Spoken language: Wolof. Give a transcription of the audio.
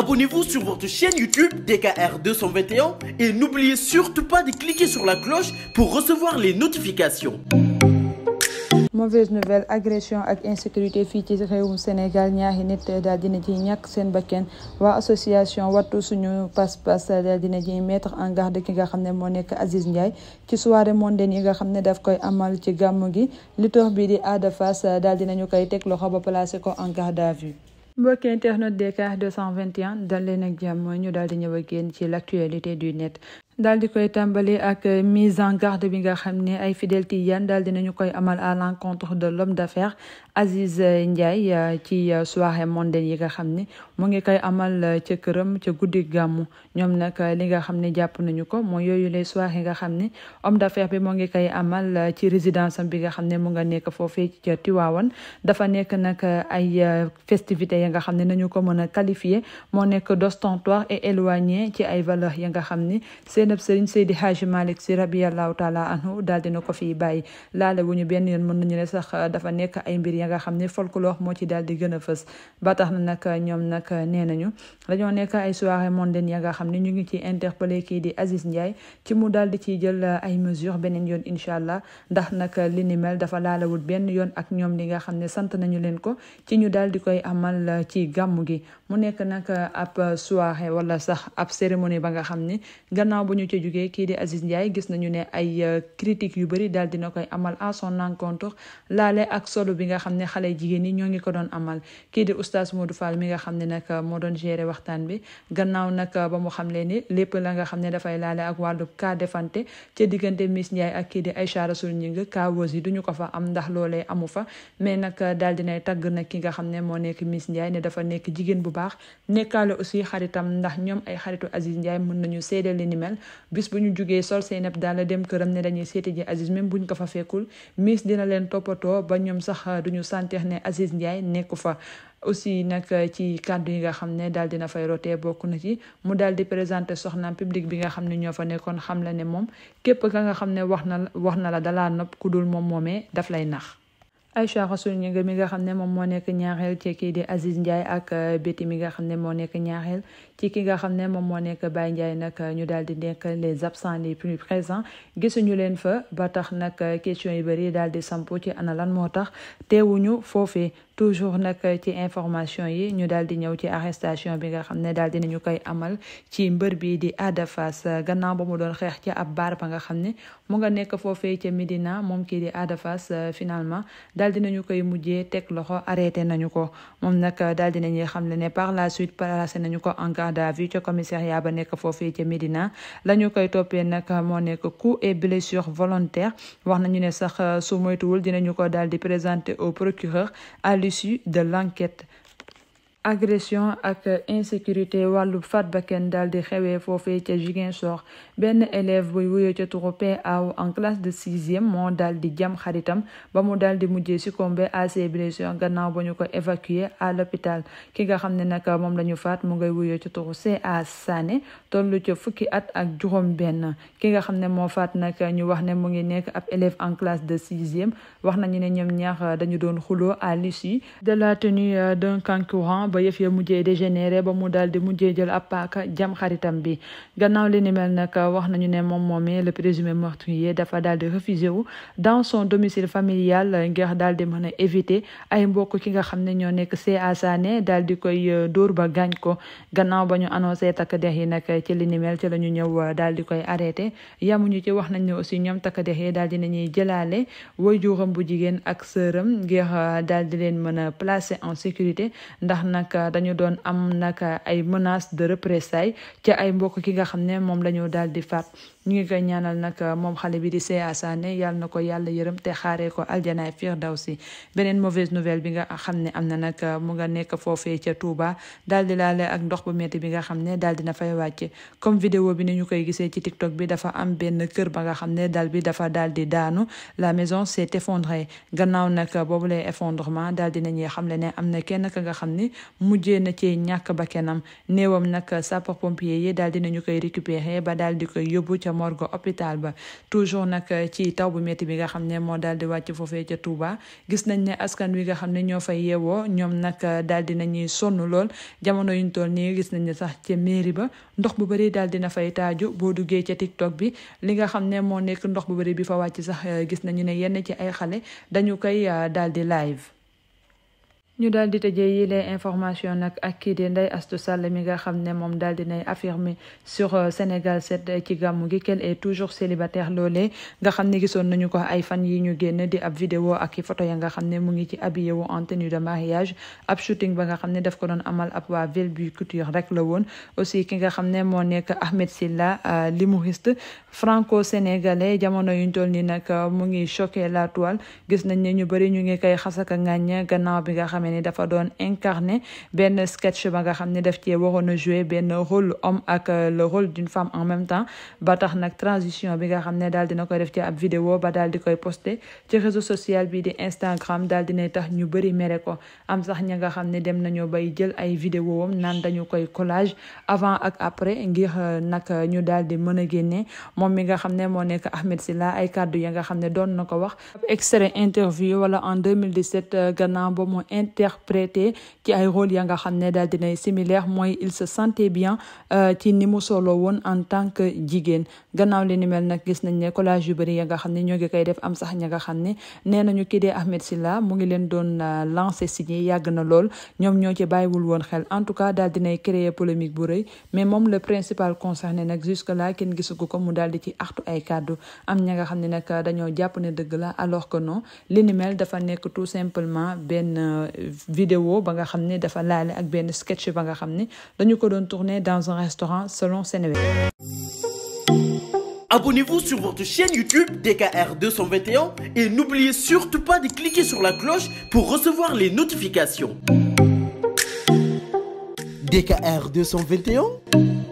Abonnez-vous sur votre chaîne YouTube DKR et n'oubliez surtout pas de cliquer sur la cloche pour recevoir les notifications. mauvaise nouvelle agression ak insécurité fii ci réewum Sénégal ñaari nit daal dina ci ñàkk seen bakken waa association watu suñu pas-pas daal dina ci mettre en garde ki nga xam ne moo nekk Aziz Ndiaye ci soirée mondaine yi nga xam ne daf koy amal ci gàmm gi lutteur bi di Ada Fass daal dinañu koy teg loxo ba ko en mbokki internet DKR 221 dal leen ak jàmm ñu daal di ñëw ak yéen ci l' actualité du net daal di koy tàmbali ak euh, mise en garde bi nga xam ne ay fidèles Tidiane daal di nañu koy amal à l'encontre de l'homme d'affaires Aziz euh, Ndiaye euh, ci soirée mondaine yi nga xam ni mu ngi koy amal ca këram ca guddi gàmmu ñoom nag li nga xam ne jàpp nañu ko mooy yooyu les soirées nga xam ne homme d'affaires bi mu ngi koy amal ci résidence am bi nga xam ne mu nga nekk foofee ca Tiwaawan dafa nekk nag ay festivités ya nga xam ne nañu ko mën a qualifier moo nekk d'ostentoire et ci ay valeurs ya nga xam ne seen nab sëriñ Seydi Hadji Malick si rabiyallahu taala anhu daal dina ko fiy bàyyi ñu benn yoon mën nañu ne sax euh, dafa nekk ay mbir ya nga xam ne folklore moo ci daal di gën a fës ba tax na nag ñoom nag nee nañu dañoo nekk ay soirée mondaine ya nga xam ne ñu ngi ci interpellé kii di Aziz Ndiaye ci mu daal di ciy jël euh, ay mesures beneen yoon incha allah ndax nag li ni mel dafa laalawut benn yoon ak ñoom li nga xam ne sant nañu leen ko ci ñu daal di koy amal euh, ci gàmm gi mu nekk nag ab soirée wala sax ab cérémonie ba nga xam ne gannaaw bu ñu ca jugee kii di Aziz Ndiaye gis nañu ne ay euh, critiques yu bëri daal dina koy amal à son encontre laale ak solo bi nga xam ne xale jigéen ñi ñoo ngi ko doon amal kii di oustaz Modou Fall mi nga xam ne nag euh, moo doon gérer waxtaan bi gannaaw nag euh, ba mu xam leen ni lépp la nga xam ne dafay laale ak wàllu cas defante ca diggante Miss ak kii di Aïcha Rasoul Gningue cas wos yi duñu ko fa am ndax loole amu fa mais nag daal dinay tagg na ki nga xam ne moo nekk Miss Ndiaye ne dafa nekk jigéen bu baax nekkaale aussi xaritam ndax ñoom ay xaritu Aziz Ndiaye mën nañu seedeel li ni bis bu ñu jugee sol Zeynab daal dem këram ne dañuy seeti ji Aziz même buñ ko fa fekkul Miss dina leen toppatoo ba ñoom sax duñu sentir ne Aziz Ndiaye nekku fa aussi nag ci kàddu yi nga xam ne daal dina fay rotee bokk na ci mu daal di présenté soxnaam public bi nga xam ne ñoo fa nekkoon xam la ne moom képp ka nga xam ne wax na wax na la dalaa nopp ku dul moom moomee daf lay nax Aïcha Rassoul Gningue mi nga xam ne moom moo nekk ñaareel ci kii di Aziz Ndiaye ak euh, Betty mi nga xam ne moo nekk ñaareel ci ki nga xam ne moom moo nekk Baye Ndiaye nag euh, ñu daal di nekk les absents les plus présents gisuñu leen fa ba tax nag euh, question yu bëri daal di sampu ci ana lan moo tax teewuñu foofee toujours nag ci information yi ñu daal di ñëw ci arrestation bi nga xam ne daal di nañu koy amal ci mbër bii di Ada gannaaw ba mu doon xeex ci ab baar ba nga xam ne mu nga nekk foofee ca Medina moom kii di adafas Fass finalement. daal dinañu koy mujjee teg loxo arrêté nañu ko moom nag daal dinañuy xam ne ne par la suite placé nañu ko en garde à vue ca ba nekk foofii ca Médina la koy toppee nag moo nekk coup et blessure volontaire wax nañu ne sax su moytuwul dinañu ko daal di présenter au procureur à l'issue de l'enquête agression ak insécurité wàllu faat bakkan daal di xewee foofee ca Ziguinchor benn élève buy wuyoo ca turu PAO en classe de sixième moo daal di jam xaritam ba mu daal di mujjee succomber à ses gannaaw ba ñu ko évacué à l'hôpital ki nga xam ne nag moom lañu faat mu ngay wuyoo ca turu CA Sané tollu ca fukki at ak juróom benn ki nga xam ne moo faat nag ñu wax ne mu ngi nekk ab élève en classe de sixième wax nañu ne ñoom ñaar dañu doon xuloo ba yëf ya mujjee dégénéré ba mu daal di mujjee jël ab paaka jam xaritam bi gannaaw li ni mel nag wax nañu ne moom moomee le présumé meurtrier dafa daal di refusé wu dans son domicile familial ngir daal di mën a éviter ay mbokk ki nga xam ne ñoo nekk CA Sané e daal di koy euh, dóor ba gaañ ko gannaaw ba ñu annoncé takk dex yi nag ci li ni ci la ñu ñëw euh, daal di koy arrêté ñu ci wax nañ ne aussi ñoom takk dex yi daal di nañuy jëlaale waajuram bu jigéen ak sëram ngir euh, daal di leen mën nag dañu doon am nag ay menaces de représailles ca ay mbokk ki nga xam ne moom la ñu daal di faat ñu ngi koy ñaanal nag euh, moom xale bi di Seya Sané yàlla na ko yàlla yërëm te xaaree ko aljanaay firdawsi beneen mauvaise nouvelle bi nga xam ne am na nag euh, mu nga nekk foofee ca Touba daal di laale ak ndox bu metti bi nga xam ne daal dina fay wàcce comme vidéo bi ni ñu koy gisee ci TikTok bi dafa am benn kër ba nga xam ne dal bi dafa daal di daanu la maison s'est effondrée gannaaw nag euh, boobu lay effondrement daal di nañuy xamle ne am na kenn ka nga xam ni mujjee na cee ñàkk ba kenam néewam nag sapeur pompier yi daal dinañu koy récupérer ba daal di koy yóbbu ca ca morgue hôpital ba toujours nag eh, ci taw bu métti bi nga xam ne moo daal di wàcc foofee ca Touba gis nañ ne askan wi nga xam ne ñoo fay yeewoo ñoom nag eh, daal di nañuy sonn lool jamono yuñ toll nii gis nañ sax ca mairie ba ndox bu bëri daal na fay taaju boo duggee ca TikTok bi li nga xam ne moo nekk ndox bu bëri bi fa wàcc sax eh, gis nañu ne yenn ci ay xale dañu koy daal live ñu daal di tëjee yile information nag ak kii di Ndeye Astou Sall mi nga xam ne moom daal di nay affirmer sur euh, Sénégal 7 ci gàmmu gi qu'elle est toujours célibataire loolee nga xam ne gisoon nañu ko ay fan yi ñu génn di ab vidéo ak i photo ya nga xam ne mu ngi ci habillé wu en tenue de mariage ab shooting ba nga xam ne daf ko doon amal ab waa ville bu culture rek la woon aussi ki nga xam ne moo nekk Ahmed Silla euh, l'humoriste franco sénégalais jamono yuñ toll ni nag euh, mu ngi choqué la toile gis ngi koy xasaka ngàññ gannaaw bi nga xam xamee ni dafa doon incarné benn sketch ba nga xam ne def ce waroon a jouer benn rôle homme ak euh, le rôle d'une femme en même temps ba tax nag transition bi nga xam ne daal dina koy def ci ab vidéo ba daal di koy posté ci réseau social bi di Instagram daal dina tax ñu bëri mere ko am sax ña nga xam ne dem nañoo bay jël ay vidéo am naan dañu koy collage avant ak après ngir euh, nag ñu daal di mën a génne moom mi nga xam ne moo nekk Ahmed Silla ay kàddu ya nga xam ne doon interprété ci ay rôle ya nga xam ne daal dinay similaire mooy il se sentait bien euh, ci ni woon en tant que jigéen gannaaw li ni mel nag gis nañ ne collage yu bëri ya nga xam ne ñoo ngi koy def am sax ña nga xam ne nee nañu kii dee Ahmed Silla mu ngi leen doon euh, lancé signé yàgg na lool ñoom ñoo ci bàyyiwul woon xel en tout cas daal dinay créer polémique bu mais moom le principal concerné nag jusque là kenn gisugu ko mu daal di ci axtu ay kàddu am ña nga xam ne nag dañoo jàpp ne dëgg la alors que non li dafa nekk tout simplement benn euh, vidéo ba nga xam ne dafa laale ak benn sketch ba nga xam ne dañu ko doon tourner dans un restaurant selon Seneweb. Abonnez-vous sur votre chaîne YouTube DKR et n'oubliez surtout pas de cliquer sur la cloche pour recevoir les notifications. DKR 221.